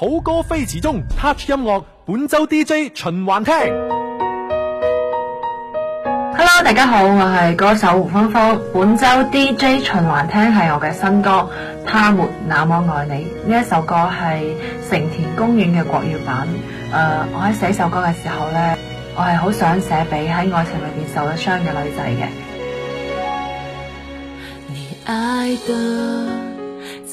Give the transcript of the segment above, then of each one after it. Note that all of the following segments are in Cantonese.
好歌飛馳中，Touch 音樂本周 DJ 循環聽。Hello，大家好，我係歌手胡芳芳。本周 DJ 循環聽係我嘅新歌《他沒那麼愛你》。呢一首歌係成田公園嘅國語版。誒、呃，我喺寫首歌嘅時候呢，我係好想寫俾喺愛情裏邊受咗傷嘅女仔嘅。你愛的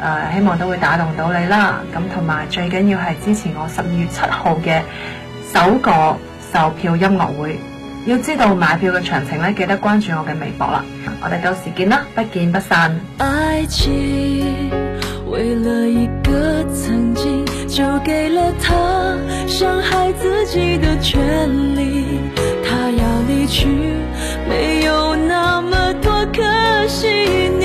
誒，uh, 希望都會打動到你啦，咁同埋最緊要係支持我十二月七號嘅首個售票音樂會。要知道買票嘅詳情咧，記得關注我嘅微博啦。我哋到時見啦，不見不散。愛情，為了一個曾經，就給了他傷害自己的權利。他要離去，沒有那麼多可惜。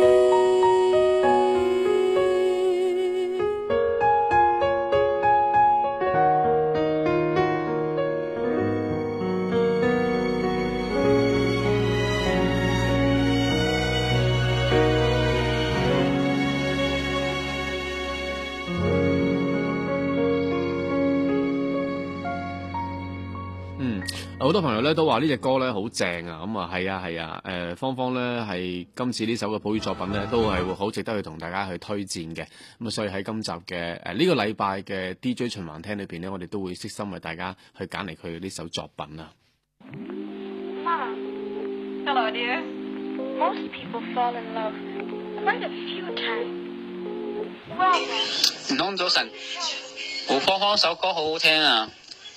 好多朋友咧都話呢隻歌咧好正啊，咁啊係啊係啊，誒芳芳咧係今次呢首嘅普語作品咧都係會好值得去同大家去推薦嘅，咁啊所以喺今集嘅誒呢個禮拜嘅 DJ 循環廳裏邊咧，我哋都會悉心為大家去揀嚟佢呢首作品啊。唔通、well、早晨，我芳芳首歌好好聽啊！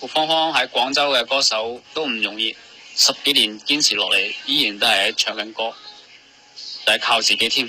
芳芳喺廣州嘅歌手都唔容易，十幾年堅持落嚟，依然都係喺唱緊歌，就係靠自己添。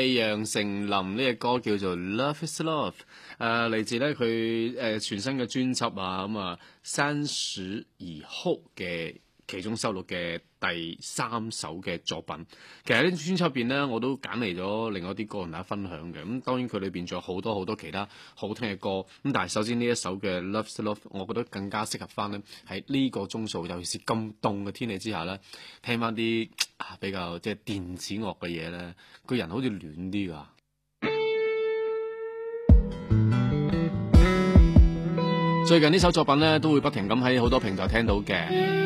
《楊丞琳》呢隻歌叫做《Love Is Love》，呃、來嚟自咧佢、呃、全新嘅專輯啊，咁啊《三十而哭》嘅。其中收錄嘅第三首嘅作品，其實呢專輯入邊呢，我都揀嚟咗另外啲歌同大家分享嘅。咁當然佢裏面仲有好多好多其他好聽嘅歌。咁但係首先呢一首嘅 Love Love，我覺得更加適合翻呢喺呢個鐘數，尤其是咁凍嘅天氣之下呢，聽翻啲啊比較即係電子樂嘅嘢呢，個人好似暖啲㗎。最近呢首作品呢，都會不停咁喺好多平台聽到嘅。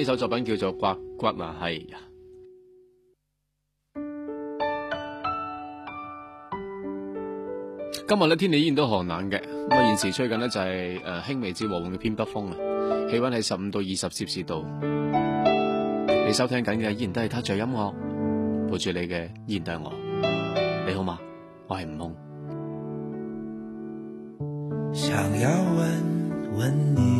呢首作品叫做《刮骨》啊，係啊！今日咧，天氣依然都寒冷嘅，咁啊現時吹緊呢就係誒輕微至和緩嘅偏北風啊，氣溫喺十五到二十攝氏度。你收聽緊嘅依然都係《他唱音樂陪住你》嘅，依然都係我，你好嘛？我係吳夢空。想要問問你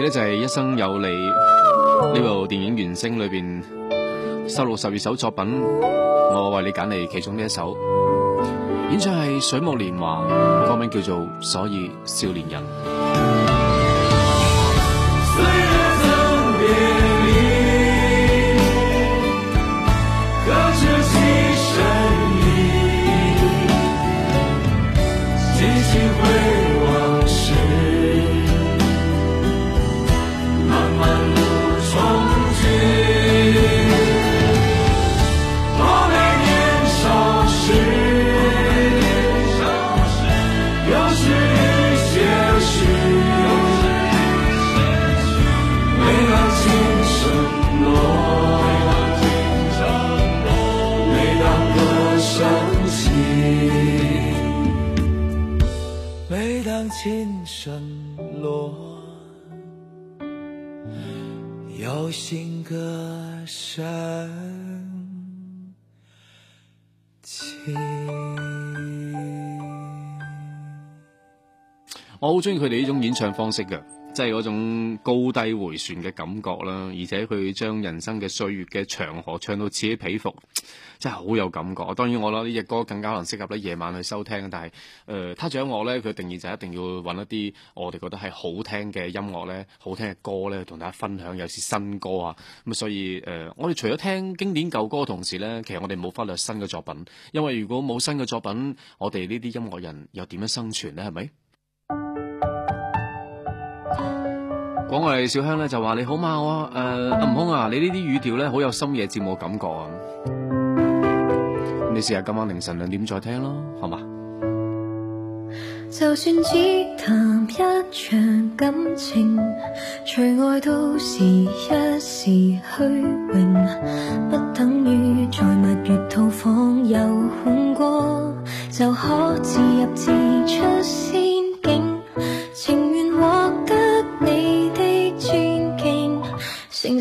咧就係《一生有你》呢、這、部、個、電影原聲裏邊收錄十二首作品，我為你揀嚟其中呢一首，演唱係水木年華，歌、那個、名叫做《所以少年人》。好中意佢哋呢種演唱方式嘅，真係嗰種高低回旋嘅感覺啦。而且佢將人生嘅歲月嘅長河唱到此起彼伏，真係好有感覺。當然，我諗呢隻歌更加可能適合咧夜晚去收聽。但係誒、呃，他唱我呢，佢定義就一定要揾一啲我哋覺得係好聽嘅音樂呢，好聽嘅歌呢，同大家分享尤其係新歌啊。咁所以誒、呃，我哋除咗聽經典舊歌嘅同時呢，其實我哋冇忽略新嘅作品，因為如果冇新嘅作品，我哋呢啲音樂人又點樣生存呢？係咪？講我哋小香呢就話你好嘛？我誒阿悟空啊，你呢啲語調呢，好有深夜節目感覺啊，你試下今晚凌晨兩點再聽咯，好嘛？就算只談一場感情，除外都是一時虛榮，不等於在蜜月套房遊玩過，就可自入自出。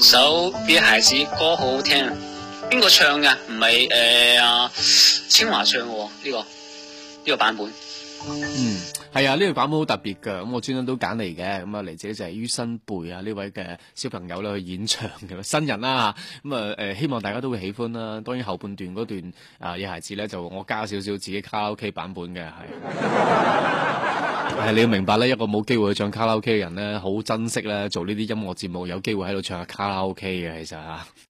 首《野孩子》歌好好聽，邊、呃個唱嘅？唔係誒阿清華唱嘅喎，呢個呢個版本。嗯，係啊，呢個版本好特別嘅，咁我專登都揀嚟嘅。咁啊，嚟自就係于新貝啊，呢位嘅小朋友咧去演唱嘅新人啦，咁啊誒、嗯呃，希望大家都會喜歡啦、啊。當然後半段嗰段啊《野孩子呢》咧就我加少少自己卡拉 OK 版本嘅係。是啊 但係你要明白咧，一個冇機會去唱卡拉 OK 嘅人咧，好珍惜咧做呢啲音樂節目，有機會喺度唱下卡拉 OK 嘅，其實吓。